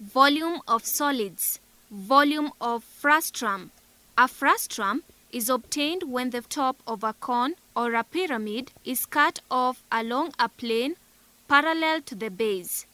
volume of solids, volume of frustrum. A frustrum is obtained when the top of a cone or a pyramid is cut off along a plane parallel to the base.